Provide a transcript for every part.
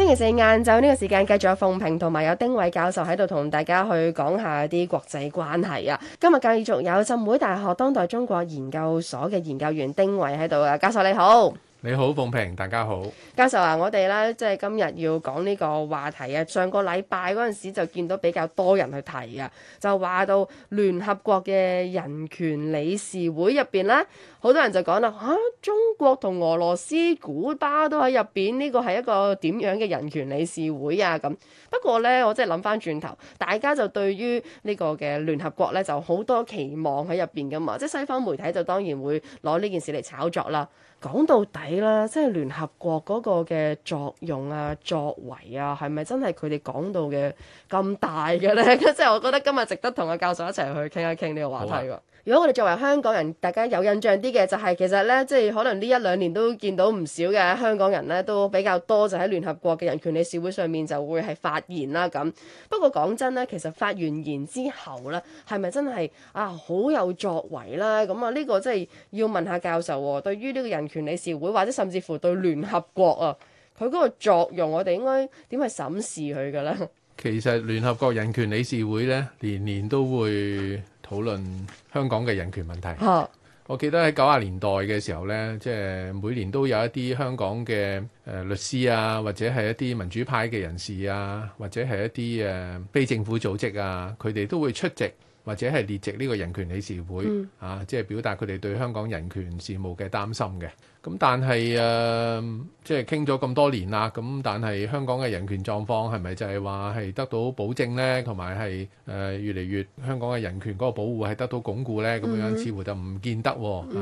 星期四晏晝呢個時間，繼續有鳳平，同埋有丁偉教授喺度同大家去講下啲國際關係啊。今日繼續有浸會大學當代中國研究所嘅研究員丁偉喺度啊，教授你好。你好，鳳平，大家好。教授啊，我哋咧即係今日要講呢個話題啊。上個禮拜嗰陣時就見到比較多人去提啊，就話到聯合國嘅人權理事會入邊咧，好多人就講啦吓，中國同俄羅斯、古巴都喺入邊，呢個係一個點樣嘅人權理事會啊咁。不過咧，我真係諗翻轉頭，大家就對於呢個嘅聯合國咧就好多期望喺入邊噶嘛，即係西方媒體就當然會攞呢件事嚟炒作啦。講到底啦，即係聯合國嗰個嘅作用啊、作為啊，係咪真係佢哋講到嘅咁大嘅咧？即 係我覺得今日值得同阿教授一齊去傾一傾呢個話題喎。的如果我哋作為香港人，大家有印象啲嘅就係、是、其實咧，即係可能呢一兩年都見到唔少嘅香港人咧，都比較多就喺聯合國嘅人權理事會上面就會係發言啦咁。不過講真咧，其實發完言之後咧，係咪真係啊好有作為啦？咁啊呢、這個即係要問下教授喎，對於呢個人人權理事會或者甚至乎對聯合國啊，佢嗰個作用，我哋應該點去審視佢噶咧？其實聯合國人權理事會咧，年年都會討論香港嘅人權問題。啊、我記得喺九十年代嘅時候咧，即係每年都有一啲香港嘅誒律師啊，或者係一啲民主派嘅人士啊，或者係一啲誒非政府組織啊，佢哋都會出席。或者係列席呢個人權理事會、嗯、啊，即係表達佢哋對香港人權事務嘅擔心嘅。咁但係誒，即係傾咗咁多年啦。咁但係香港嘅人權狀況係咪就係話係得到保證呢？同埋係誒越嚟越香港嘅人權嗰個保護係得到鞏固呢？咁樣似乎就唔見得喎嚇。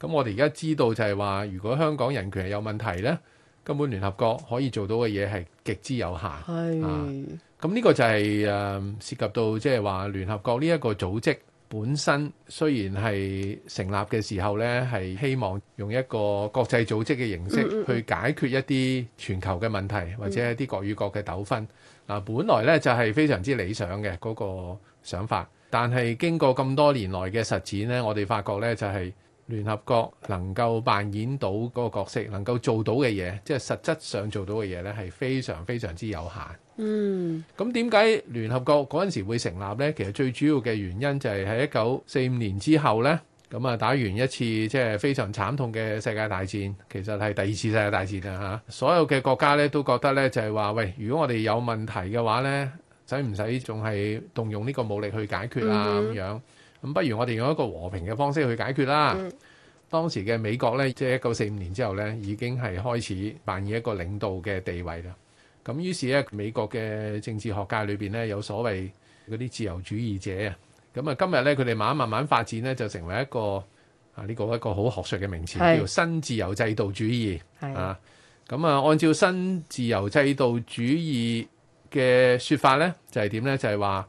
咁我哋而家知道就係話，如果香港人權係有問題呢，根本聯合國可以做到嘅嘢係極之有限。係。啊咁呢個就係、是、誒、嗯、涉及到即係話聯合國呢一個組織本身，雖然係成立嘅時候呢係希望用一個國際組織嘅形式去解決一啲全球嘅問題或者一啲國與國嘅糾紛。嗱、呃，本來呢就係、是、非常之理想嘅嗰、那個想法，但係經過咁多年來嘅實踐呢，我哋發覺呢就係、是、聯合國能夠扮演到嗰個角色，能夠做到嘅嘢，即、就、係、是、實質上做到嘅嘢呢係非常非常之有限。嗯，咁點解聯合國嗰陣時會成立呢？其實最主要嘅原因就係喺一九四五年之後呢。咁啊打完一次即係非常慘痛嘅世界大戰，其實係第二次世界大戰啊！嚇，所有嘅國家呢，都覺得呢就係、是、話：喂，如果我哋有問題嘅話呢，使唔使仲係動用呢個武力去解決啊？咁、嗯嗯、樣咁不如我哋用一個和平嘅方式去解決啦。嗯、當時嘅美國呢，即係一九四五年之後呢，已經係開始扮演一個領導嘅地位啦。咁於是咧，美國嘅政治學界裏邊咧，有所謂嗰啲自由主義者啊。咁啊，今日咧，佢哋慢慢慢慢發展咧，就成為一個啊呢、這個一個好學術嘅名詞，是叫做新自由制度主義。啊是，咁啊，按照新自由制度主義嘅説法咧，就係點咧？就係、是、話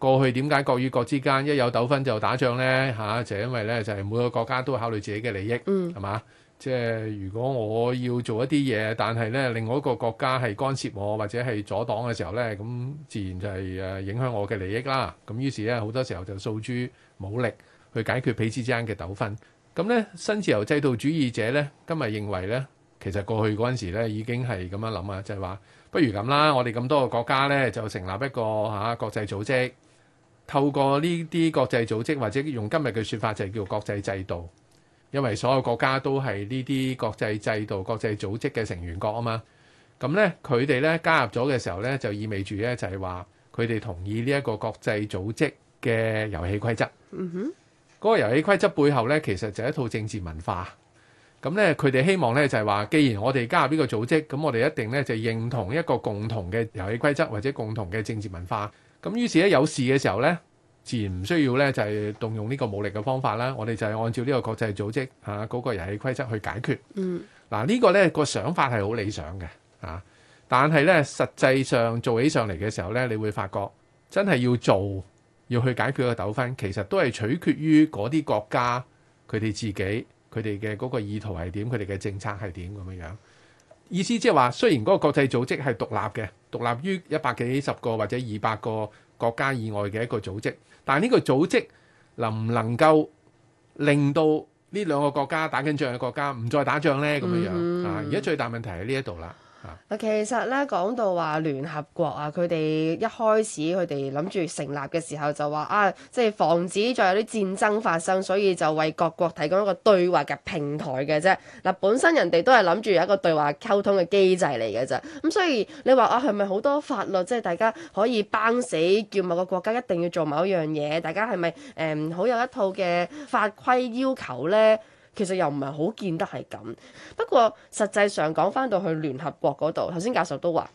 過去點解國與國之間一有糾紛就打仗咧？嚇、啊，就係、是、因為咧，就係每個國家都考慮自己嘅利益，係嘛、嗯？即係如果我要做一啲嘢，但係咧，另外一個國家係干涉我或者係阻擋嘅時候咧，咁自然就係誒影響我嘅利益啦。咁於是咧，好多時候就訴諸武力去解決彼此之間嘅糾紛。咁咧，新自由制度主義者咧，今日認為咧，其實過去嗰陣時咧已經係咁樣諗啊，就係、是、話不如咁啦，我哋咁多個國家咧就成立一個嚇、啊、國際組織，透過呢啲國際組織或者用今日嘅説法就係叫做國際制度。因為所有國家都係呢啲國際制度、國際組織嘅成員國啊嘛，咁呢，佢哋呢加入咗嘅時候呢，就意味住呢，就係話佢哋同意呢一個國際組織嘅遊戲規則。哼、mm，嗰、hmm. 個遊戲規則背後呢，其實就一套政治文化。咁呢，佢哋希望呢，就係話，既然我哋加入呢個組織，咁我哋一定呢，就認同一個共同嘅遊戲規則或者共同嘅政治文化。咁於是咧有事嘅時候呢，自然唔需要咧，就係、是、動用呢個武力嘅方法啦。我哋就係按照呢個國際組織嚇嗰、啊那個遊戲規則去解決。嗯、啊，嗱、這、呢個呢、那個想法係好理想嘅嚇、啊，但係呢，實際上做起上嚟嘅時候呢，你會發覺真係要做要去解決個糾紛，其實都係取決於嗰啲國家佢哋自己佢哋嘅嗰個意圖係點，佢哋嘅政策係點咁樣樣。意思即係話，雖然嗰個國際組織係獨立嘅，獨立於一百幾十個或者二百個。國家以外嘅一個組織，但係呢個組織能唔能夠令到呢兩個國家打緊仗嘅國家唔再打仗呢？咁樣樣，mm hmm. 啊，而家最大問題喺呢一度啦。嗱，其實咧講到話聯合國啊，佢哋一開始佢哋諗住成立嘅時候就話啊，即係防止再有啲戰爭發生，所以就為各國提供一個對話嘅平台嘅啫。嗱，本身人哋都係諗住有一個對話溝通嘅機制嚟嘅啫。咁所以你話啊，係咪好多法律即係大家可以綁死，叫某個國家一定要做某一樣嘢？大家係咪誒好有一套嘅法規要求咧？其實又唔係好見得係咁，不過實際上講返到去聯合國嗰度，頭先教授都話。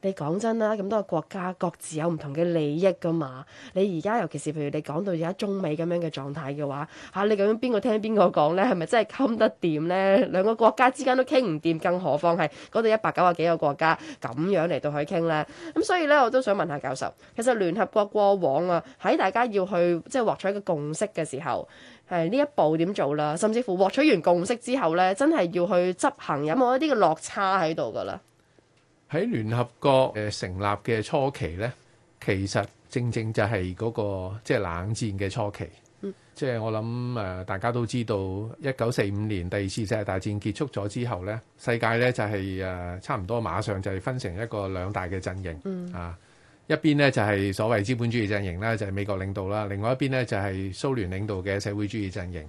你講真啦，咁多個國家各自有唔同嘅利益噶嘛？你而家尤其是譬如你講到而家中美咁樣嘅狀態嘅話，嚇、啊、你究竟邊個聽邊個講咧？係咪真係冚得掂咧？兩個國家之間都傾唔掂，更何況係嗰度一百九啊幾個國家咁樣嚟到去傾咧？咁所以咧，我都想問下教授，其實聯合國過往啊，喺大家要去即係獲取一個共識嘅時候，係呢一步點做啦？甚至乎獲取完共識之後咧，真係要去執行有冇一啲嘅落差喺度噶啦？喺聯合國誒成立嘅初期呢，其實正正就係嗰個即係冷戰嘅初期。即係我諗誒，大家都知道一九四五年第二次世界大戰結束咗之後呢，世界呢就係誒差唔多馬上就係分成一個兩大嘅陣營。啊一邊呢就係所謂資本主義陣營啦，就係美國領導啦；另外一邊呢就係蘇聯領導嘅社會主義陣營。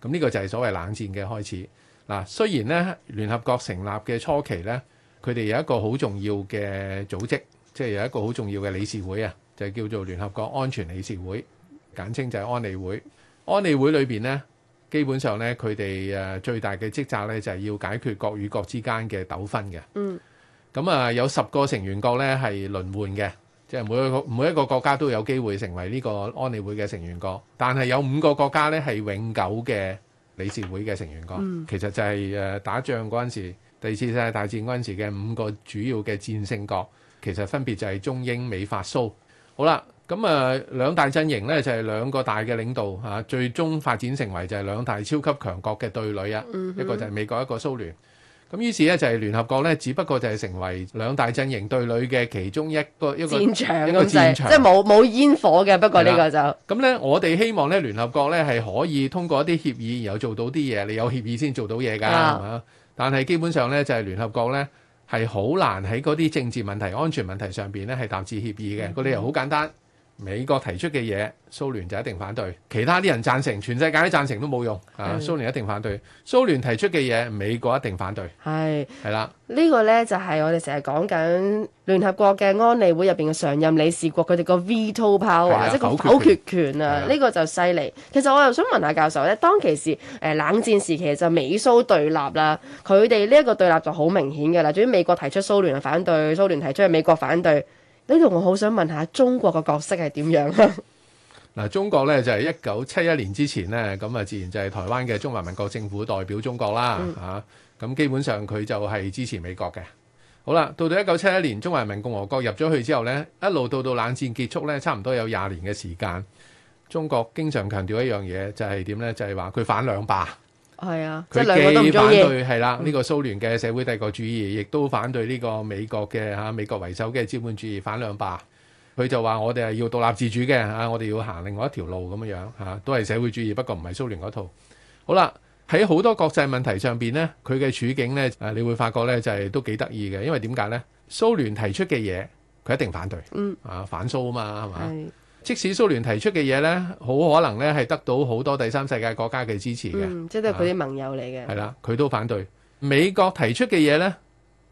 咁呢個就係所謂冷戰嘅開始。嗱，雖然呢，聯合國成立嘅初期呢，佢哋有一個好重要嘅組織，即係有一個好重要嘅理事會啊，就係叫做聯合國安全理事會，簡稱就係安理會。安理會裏邊呢，基本上呢，佢哋誒最大嘅職責呢，就係要解決國與國之間嘅糾紛嘅。嗯，咁啊，有十個成員國呢係輪換嘅，即係每一個每一個國家都有機會成為呢個安理會嘅成員國。但係有五個國家呢，係永久嘅理事會嘅成員國。嗯、其實就係誒打仗嗰陣時。第二次世界大戰嗰陣時嘅五個主要嘅戰勝國，其實分別就係中英美法蘇。好啦，咁、嗯、啊兩大陣營呢，就係、是、兩個大嘅領導嚇、啊，最終發展成為就係兩大超級強國嘅對壘啊！嗯、哼一個就係美國，一個蘇聯。咁、嗯、於是呢，就係、是、聯合國呢，只不過就係成為兩大陣營對壘嘅其中一個一個,場一個戰場咁就係，即係冇冇煙火嘅。不過呢個就咁呢，我哋希望呢，聯合國呢係可以通過一啲協議，然後做到啲嘢。你有協議先做到嘢㗎，係嘛？但係基本上咧，就係聯合國咧，係好難喺嗰啲政治問題、安全問題上邊咧，係達致協議嘅。個理由好簡單。美國提出嘅嘢，蘇聯就一定反對；其他啲人贊成，全世界都贊成都冇用。是啊，蘇聯一定反對。蘇聯提出嘅嘢，美國一定反對。係係啦，呢的個呢，就係、是、我哋成日講緊聯合國嘅安理會入邊嘅常任理事國佢哋的個 veto power，即係個否決權啊！呢的個就犀利。其實我又想問下教授咧，當其時誒冷戰時期就美蘇對立啦，佢哋呢一個對立就好明顯㗎啦。至於美國提出，蘇聯就反對；蘇聯提出，美國反對。呢度我好想問下中國嘅角色係點樣啦？嗱、啊，中國呢，就係一九七一年之前呢，咁啊自然就係台灣嘅中華民國政府代表中國啦，吓咁、嗯啊、基本上佢就係支持美國嘅。好啦，到到一九七一年中華人民共和國入咗去之後呢，一路到到冷戰結束呢，差唔多有廿年嘅時間，中國經常強調一樣嘢，就係點呢？就係話佢反兩霸。係啊，佢既反對，即係兩個都反對，係啦，呢個蘇聯嘅社會帝國主義，亦都反對呢個美國嘅嚇、啊、美國為首嘅資本主義，反兩霸。佢就話我哋係要獨立自主嘅嚇、啊，我哋要行另外一條路咁樣樣嚇，都係社會主義，不過唔係蘇聯嗰套。好啦，喺好多國際問題上邊呢，佢嘅處境呢，啊，你會發覺呢，就係、是、都幾得意嘅，因為點解呢？蘇聯提出嘅嘢，佢一定反對，嗯啊，反蘇啊嘛，係咪？嗯即使蘇聯提出嘅嘢呢，好可能呢係得到好多第三世界國家嘅支持嘅，即係佢啲盟友嚟嘅。係啦，佢都反對美國提出嘅嘢呢。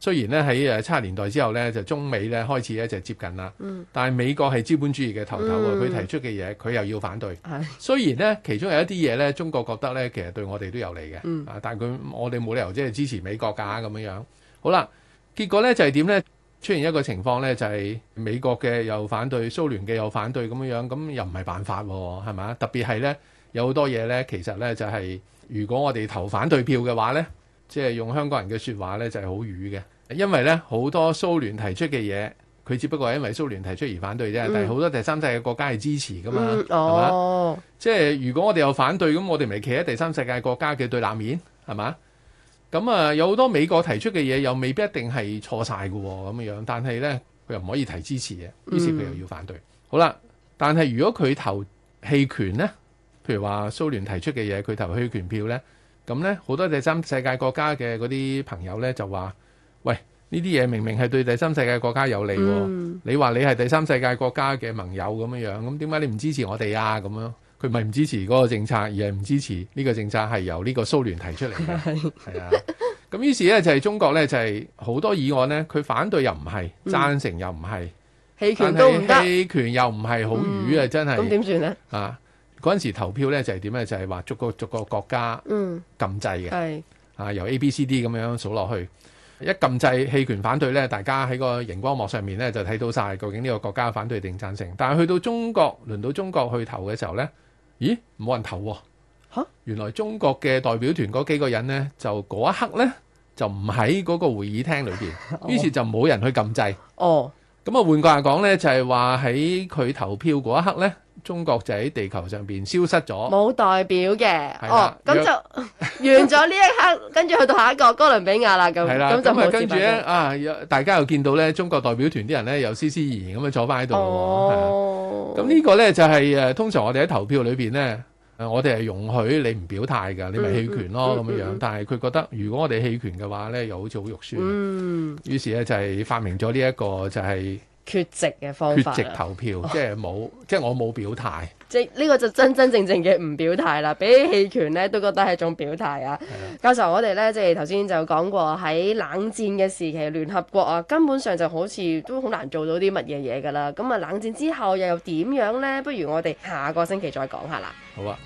雖然呢，喺誒七十年代之後呢，就中美呢開始呢就接近啦。嗯、但係美國係資本主義嘅頭頭佢，嗯、提出嘅嘢佢又要反對。係的，雖然呢，其中有一啲嘢呢，中國覺得呢其實對我哋都有利嘅。啊、嗯，但係佢我哋冇理由即係支持美國㗎咁樣樣。好啦，結果呢就係、是、點呢？出現一個情況呢，就係美國嘅又反對，蘇聯嘅又反對咁樣樣，咁又唔係辦法喎，係咪？特別係呢，有好多嘢呢，其實呢、就是，就係如果我哋投反對票嘅話呢，即、就、係、是、用香港人嘅説話呢，就係好愚嘅，因為呢，好多蘇聯提出嘅嘢，佢只不過係因為蘇聯提出而反對啫，但係好多第三、就是、第三世界國家係支持噶嘛，係咪？即係如果我哋又反對，咁我哋咪企喺第三世界國家嘅對立面，係咪？咁啊，有好多美國提出嘅嘢又未必一定係錯晒嘅咁嘅樣，但係呢，佢又唔可以提支持嘅，於是佢又要反對。嗯、好啦，但係如果佢投棄權呢，譬如話蘇聯提出嘅嘢，佢投棄權票呢，咁呢，好多第三世界國家嘅嗰啲朋友呢，就話：喂，呢啲嘢明明係對第三世界國家有利，嗯、你話你係第三世界國家嘅盟友咁樣樣，咁點解你唔支持我哋啊？咁樣。佢唔係唔支持嗰個政策，而係唔支持呢個政策係由呢個蘇聯提出嚟嘅，係 啊。咁於是咧就係中國咧就係、是、好多議案呢，佢反對又唔係，嗯、贊成又唔係，棄權都唔得，棄權又唔係好魚啊！真係咁點算呢？啊，嗰陣時投票咧就係點咧？就係、是、話逐個逐個國家嗯禁制嘅係、嗯、啊，由 A、B、C、D 咁樣數落去，一禁制棄權反對咧，大家喺個熒光幕上面咧就睇到晒究竟呢個國家反對定贊成。但係去到中國，輪到中國去投嘅時候咧。咦，冇人投喎？啊，原來中國嘅代表團嗰幾個人呢，就嗰一刻呢，就唔喺嗰個會議廳裏邊，於是就冇人去撳掣。哦，咁啊，換句話講呢，就係話喺佢投票嗰一刻呢。中國就喺地球上邊消失咗，冇代表嘅，哦，咁就完咗呢一刻，跟住去到下一個哥倫比亞啦，咁咁就跟住咧，啊，大家又見到咧，中國代表團啲人咧又斯斯然然咁樣坐返喺度，咁、哦、呢個咧就係、是、誒，通常我哋喺投票裏邊咧，我哋係容許你唔表態㗎，你咪棄權咯咁樣。嗯嗯、但係佢覺得如果我哋棄權嘅話咧，又好似好肉酸，嗯、於是咧就係發明咗呢一個就係、是。缺席嘅方法，缺席投票，即係冇，oh. 即係我冇表態。即係呢個就真真正正嘅唔表態啦，比起棄權咧都覺得係一種表態啊。Yeah. 教授，我哋咧即係頭先就講過喺冷戰嘅時期，聯合國啊根本上就好似都好難做到啲乜嘢嘢噶啦。咁啊，冷戰之後又又點樣咧？不如我哋下個星期再講下啦。好啊。